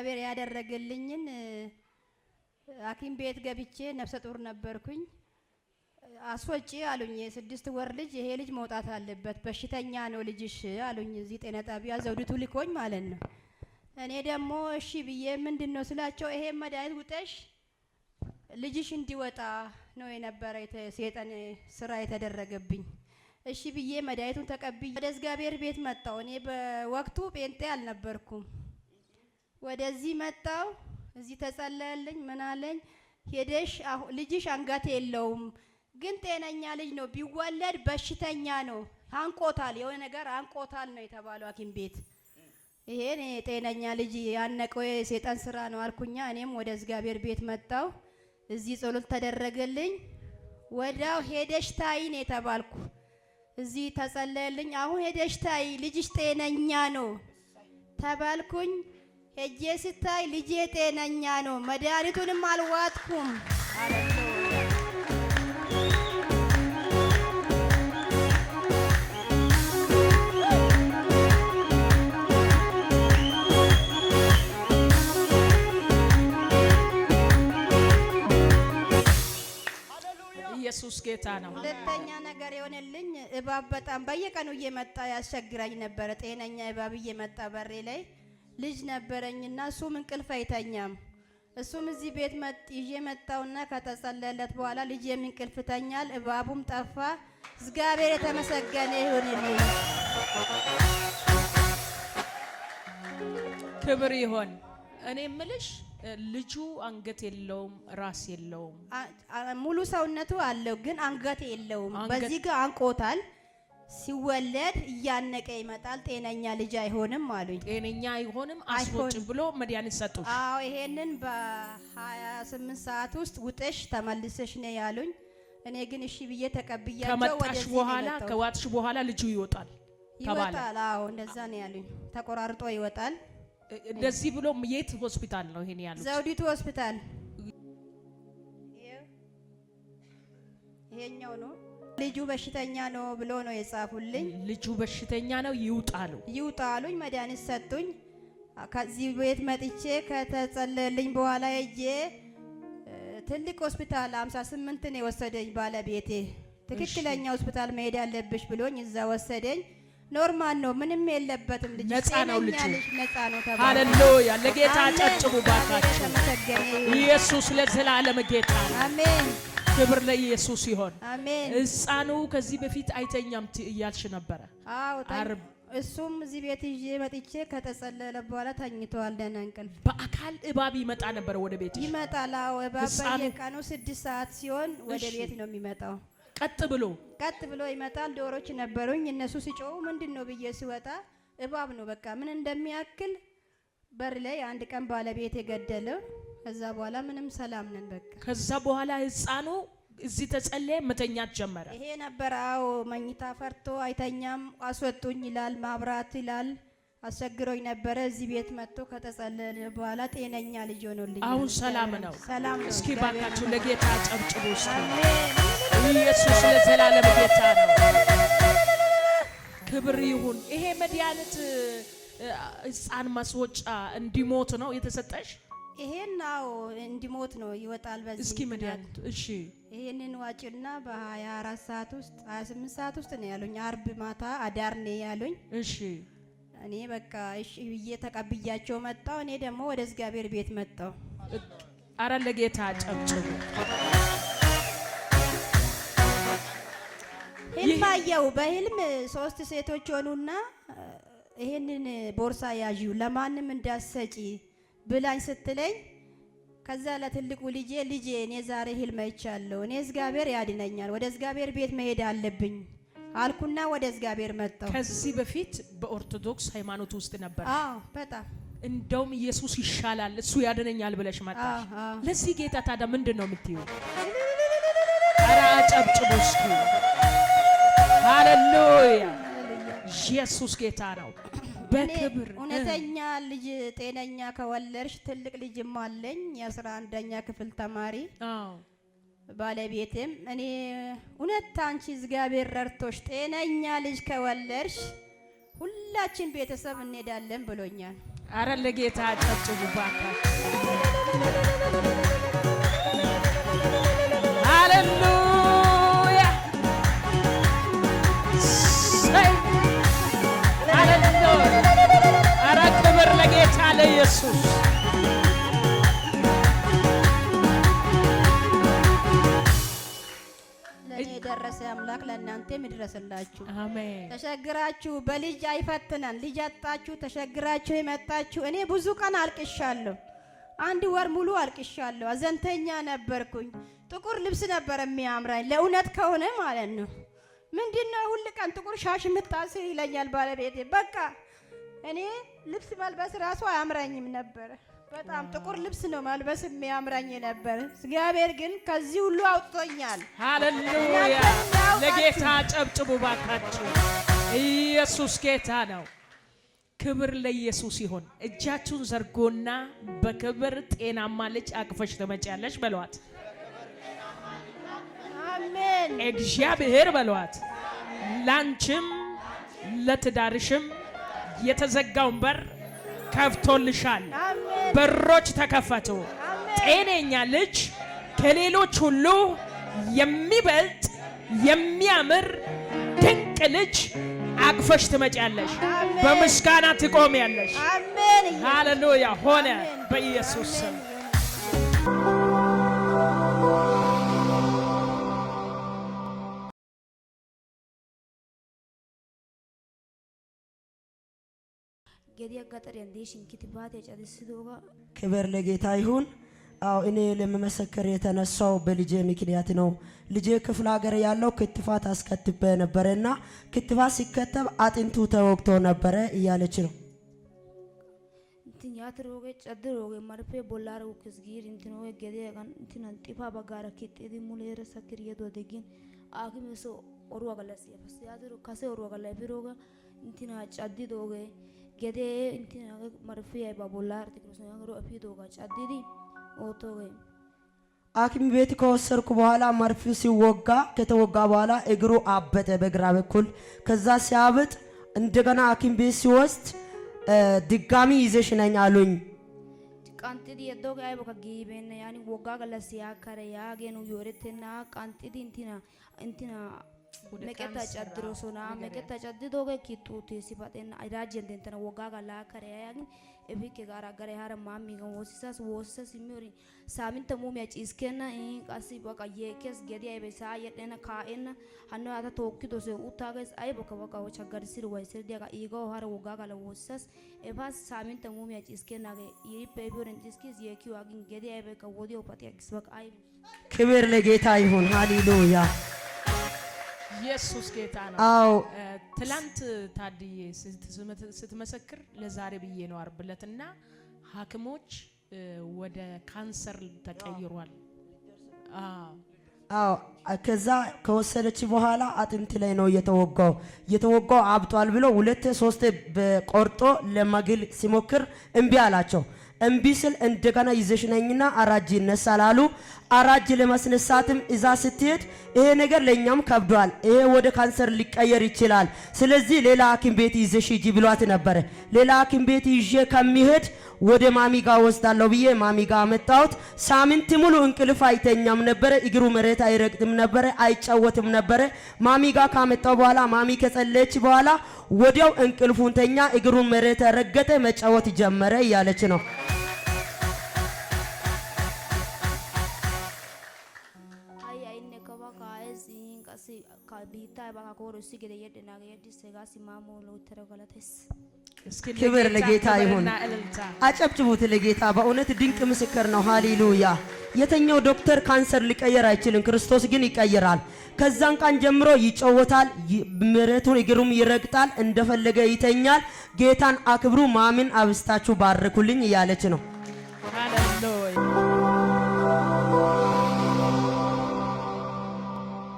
እግዚአብሔር ያደረገልኝን ሐኪም ቤት ገብቼ ነፍሰ ጡር ነበርኩኝ። አስወጪ አሉኝ። የስድስት ወር ልጅ ይሄ ልጅ መውጣት አለበት፣ በሽተኛ ነው ልጅሽ አሉኝ። እዚህ ጤና ጣቢያ ዘውድቱ ልኮኝ ማለት ነው። እኔ ደግሞ እሺ ብዬ ምንድን ነው ስላቸው፣ ይሄ መድኃኒት ውጠሽ ልጅሽ እንዲወጣ ነው የነበረ ሴጠን ስራ የተደረገብኝ። እሺ ብዬ መድኃኒቱን ተቀብዬ ወደ እግዚአብሔር ቤት መጣሁ። እኔ በወቅቱ ጴንጤ አልነበርኩም። ወደዚህ መጣው። እዚህ ተጸለየልኝ። ምን አለኝ? ሄደሽ ልጅሽ አንገት የለውም ግን ጤነኛ ልጅ ነው። ቢወለድ በሽተኛ ነው። አንቆታል፣ የሆነ ነገር አንቆታል ነው የተባለው ሀኪም ቤት ይሄን ጤነኛ ልጅ ያነቀው የሴጣን ስራ ነው አልኩኛ። እኔም ወደ እግዚአብሔር ቤት መጣው። እዚህ ጸሎት ተደረገልኝ። ወዳው ሄደሽ ታይ ነው የተባልኩ። እዚህ ተጸለየልኝ። አሁን ሄደሽ ታይ ልጅሽ ጤነኛ ነው ተባልኩኝ። ሄጄ ስታይ ልጄ ጤነኛ ነው፣ መድኃኒቱንም አልዋጥኩም አለችው። ኢየሱስ ጌታ ነው። ሁለተኛ ነገር የሆነልኝ እባብ በጣም በየቀኑ እየመጣ ያስቸግራኝ ነበረ። ጤነኛ እባብ እየመጣ በሬ ላይ ልጅ ነበረኝና እሱም እንቅልፍ አይተኛም። እሱም እዚህ ቤት ይዤ መጣውና ከተጸለለት በኋላ ልጄም እንቅልፍ ተኛል፣ እባቡም ጠፋ። እግዚአብሔር የተመሰገነ ይሁንልኝ። ክብር ይሆን። እኔ ምልሽ ልጁ አንገት የለውም፣ ራስ የለውም። ሙሉ ሰውነቱ አለው፣ ግን አንገት የለውም። በዚህ ጋር አንቆታል ሲወለድ እያነቀ ይመጣል። ጤነኛ ልጅ አይሆንም አሉኝ። ጤነኛ አይሆንም አስቦጭ ብሎ መድኃኒት ሰጡ። አዎ ይሄንን በ28 ሰዓት ውስጥ ውጥሽ ተመልሰሽ ነው ያሉኝ። እኔ ግን እሺ ብዬ ተቀብያቸው። ከመጣሽ በኋላ ከዋጥሽ በኋላ ልጁ ይወጣል ይወጣል። አዎ እንደዛ ነው ያሉኝ። ተቆራርጦ ይወጣል። እንደዚህ ብሎ የት ሆስፒታል ነው ይሄን ያሉት? ዘውዲቱ ሆስፒታል። ይሄኛው ነው ልጁ በሽተኛ ነው ብሎ ነው የጻፉልኝ። ልጁ በሽተኛ ነው ይውጣሉ ይውጣሉኝ። መድኃኒት ሰጡኝ። ከዚህ ቤት መጥቼ ከተጸለልኝ በኋላ ሄጄ ትልቅ ሆስፒታል 58 ነው የወሰደኝ ባለቤቴ። ትክክለኛ ሆስፒታል መሄድ ያለብሽ ብሎኝ እዛ ወሰደኝ። ኖርማል ነው፣ ምንም የለበትም። ልጅ ነፃ ነው፣ ልጅ ነጻ ነው ልጅ ነጻ ነው ተባለ ሃሌሉያ! ለጌታ ጨጭቡ ባካችሁ። ኢየሱስ ለዘላለም ጌታ ነው። አሜን። ክብር ለኢየሱስ ይሆን። ህፃኑ ከዚህ በፊት አይተኛም እያልሽ ነበረ። እሱም እዚህ ቤት ይዤ መጥቼ ከተጸለለ በኋላ ተኝተዋል። ደህና እንቅልፍ በአካል እባብ ይመጣ ነበር። ወደ ቤት ይመጣል። እባብ በየቀኑ ስድስት ሰዓት ሲሆን ወደ ቤት ነው የሚመጣው። ቀጥ ብሎ ቀጥ ብሎ ይመጣል። ዶሮች ነበሩኝ። እነሱ ሲጮው ምንድን ነው ብዬ ሲወጣ እባብ ነው። በቃ ምን እንደሚያክል በር ላይ አንድ ቀን ባለቤት የገደለው ከዛ በኋላ ምንም ሰላም ነን በቃ። ከዛ በኋላ ህፃኑ እዚህ ተጸለየ፣ መተኛት ጀመረ። ይሄ ነበር። አዎ መኝታ ፈርቶ አይተኛም። አስወጡኝ ይላል፣ ማብራት ይላል። አስቸግሮኝ ነበረ። እዚህ ቤት መጥቶ ከተጸለለ በኋላ ጤነኛ ልጅ ሆኖልኝ አሁን ሰላም ነው። ሰላም ነው። እስኪ ባካችሁ ለጌታ ጨብጭቡ። ኢየሱስ ለዘላለም ጌታ ነው። ክብር ይሁን። ይሄ መድኃኒት ህፃን ማስወጫ እንዲሞት ነው የተሰጠሽ ይሄን አዎ እንዲሞት ነው ይወጣል። በዚህ እስኪ መድኃኒቱ እሺ፣ ይሄንን ዋጭና በ24 ሰዓት ውስጥ 28 ሰዓት ውስጥ ነው ያሉኝ። አርብ ማታ አዳር ነው ያሉኝ። እሺ እኔ በቃ እሺ ብዬ ተቀብያቸው መጣሁ። እኔ ደግሞ ወደ እግዚአብሔር ቤት መጣሁ። አረ ለጌታ ጨብጭቡ። ህልም አየሁ። በህልም ሶስት ሴቶች ሆኑና ይሄንን ቦርሳ ያዢው ለማንም እንዳሰጪ ብላኝ ስትለኝ ከዛ ለትልቁ ልጄ ልጄ እኔ ዛሬ ህልም አይቻለሁ፣ እኔ እግዚአብሔር ያድነኛል፣ ወደ እግዚአብሔር ቤት መሄድ አለብኝ አልኩና ወደ እግዚአብሔር መጣሁ። ከዚህ በፊት በኦርቶዶክስ ሃይማኖት ውስጥ ነበር። አዎ በጣም እንደውም ኢየሱስ ይሻላል እሱ ያድነኛል ብለሽ መጣሽ። ለዚህ ጌታ ታዲያ ምንድን ነው የምትይው? ኧረ አጨብጭቡ እስኪ። ሃሌሉያ! ኢየሱስ ጌታ ነው። በክብር እውነተኛ ልጅ ጤነኛ ከወለድሽ ትልቅ ልጅም አለኝ የአስራ አንደኛ ክፍል ተማሪ ባለቤትም እኔ እውነት አንቺ እግዚአብሔር ረድቶሽ ጤነኛ ልጅ ከወለድሽ ሁላችን ቤተሰብ እንሄዳለን ብሎኛል። አረ ለጌታ Jesús. የደረሰ አምላክ ለእናንተም ይድረስላችሁ። ተሸግራችሁ በልጅ አይፈትነን። ልጅ አጣችሁ፣ ተሸግራችሁ የመጣችሁ እኔ ብዙ ቀን አልቅሻለሁ። አንድ ወር ሙሉ አልቅሻለሁ። አዘንተኛ ነበርኩኝ። ጥቁር ልብስ ነበር የሚያምራኝ፣ ለእውነት ከሆነ ማለት ነው። ምንድነው ሁል ቀን ጥቁር ሻሽ የምታስር ይለኛል ባለቤቴ በቃ እኔ ልብስ መልበስ ራሱ አያምረኝም ነበር። በጣም ጥቁር ልብስ ነው መልበስ የሚያምራኝ ነበር። እግዚአብሔር ግን ከዚህ ሁሉ አውጥቶኛል። ሃሌሉያ! ለጌታ ጨብጭቡ ባካችሁ። ኢየሱስ ጌታ ነው። ክብር ለኢየሱስ ይሁን። እጃችሁን ዘርጎና በክብር ጤናማ ልጅ አቅፈሽ ትመጪያለሽ በለዋት። አሜን። እግዚአብሔር በለዋት። ላንቺም ለትዳርሽም የተዘጋውን በር ከፍቶልሻል። በሮች ተከፈቱ። ጤነኛ ልጅ ከሌሎች ሁሉ የሚበልጥ የሚያምር ድንቅ ልጅ አቅፈሽ ትመጪያለሽ። በምስጋና ትቆሚያለሽ። ሃሌሉያ ሆነ በኢየሱስ ስም። ገዲያ ጋጠር ሽንኪት ባት የጨርስዶጋ ክብር ለጌታ ይሁን። አዎ እኔ ለመመሰከር የተነሳው በልጄ ምክንያት ነው። ልጄ ክፍለ ሀገር ያለው ክትፋት አስከትበ ነበረ እና ክትባት ሲከተብ አጥንቱ ተወግቶ ነበረ እያለች ነው። እንትኛት ያትሮጌ ጨድሮጌ መርፌ ቦላረው ክዝጊር እንትኖ ገዴቀን እንትነን ጢፋ በጋረ ኪጤዲ ሙሌረ ሰክርየ ዶደጊን አኪሜሶ ኦሩዋ ገለስ ያፈስ ያትሮ ከሴ ኦሩዋ ገላይ ቢሮጋ እንትና ጨድዶጌ gede intiin marfii ay babolar ቴክኖስናሮ አፊዶ ጋር ሐኪም ቤት ከወሰድኩ በኋላ መርፊው ሲወጋ ከተወጋ በኋላ እግሩ አበጠ በግራ በኩል። ከዛ ሲያበጥ እንደገና ሐኪም ቤት ሲወስድ ድጋሚ ይዘሽ ነኝ አሉኝ። ወጋ meqexa caddiro sunaa meqexa caddidoogee kittuuti sifateen raajjiyan teentana woggaa galaa kareyaagin efikke gaara garee hara maamiigan woosisas woosisas immiyorin saaminta muumiya ciiskenna qassi baqa yeekes gediya ebe saa yedhena kaa'enna hanno ata tookkidose uttaages aybakka baqa chaggarisir waysir diyaga iigao hara woggaa gala woosisas efas saaminta muumiya ciiskennaage irippe efiyorin ciiskis yeekiyo agin gediya ebekka wodiyo patiyaagis baqa ayb ክብር ለጌታ ይሁን ሃሌሉያ ኢየሱስ ጌታ ነው። አዎ ትላንት ታድዬ ስትመሰክር ለዛሬ ብዬ ነው አርብ ዕለት እና ሐኪሞች ወደ ካንሰር ተቀይሯል። አዎ ከዛ ከወሰደች በኋላ አጥንት ላይ ነው እየተወጋው እየተወጋው አብቷል ብሎ ሁለት ሶስት ቆርጦ ለማግል ሲሞክር እምቢ አላቸው። እምቢ ስል እንደገና ይዘሽ ነኝና አራጅ ይነሳል አሉ። አራጅ ለማስነሳትም እዛ ስትሄድ ይሄ ነገር ለእኛም ከብዷል፣ ይሄ ወደ ካንሰር ሊቀየር ይችላል፣ ስለዚህ ሌላ ሐኪም ቤት ይዘሽ ሂጂ ብሏት ነበረ። ሌላ ሐኪም ቤት ይዤ ከሚሄድ ወደ ማሚጋ ወስዳለሁ ብዬ ማሚጋ አመጣሁት። ሳምንት ሙሉ እንቅልፍ አይተኛም ነበረ፣ እግሩ መሬት አይረግጥም ነበረ፣ አይጫወትም ነበረ። ማሚጋ ካመጣው በኋላ ማሚ ከጸለየች በኋላ ወዲያው እንቅልፉን ተኛ፣ እግሩ መሬት ረገጠ፣ መጫወት ጀመረ እያለች ነው ክብር ለጌታ ይሁን። አጨብጭቡት ለጌታ። በእውነት ድንቅ ምስክር ነው። ሃሌሉያ። የተኛው ዶክተር ካንሰር ሊቀየር አይችልም። ክርስቶስ ግን ይቀይራል። ከዛን ቀን ጀምሮ ይጨወታል፣ ምረቱን እግሩም ይረግጣል፣ እንደፈለገ ይተኛል። ጌታን አክብሩ። ማምን አብስታችሁ ባርኩልኝ እያለች ነው።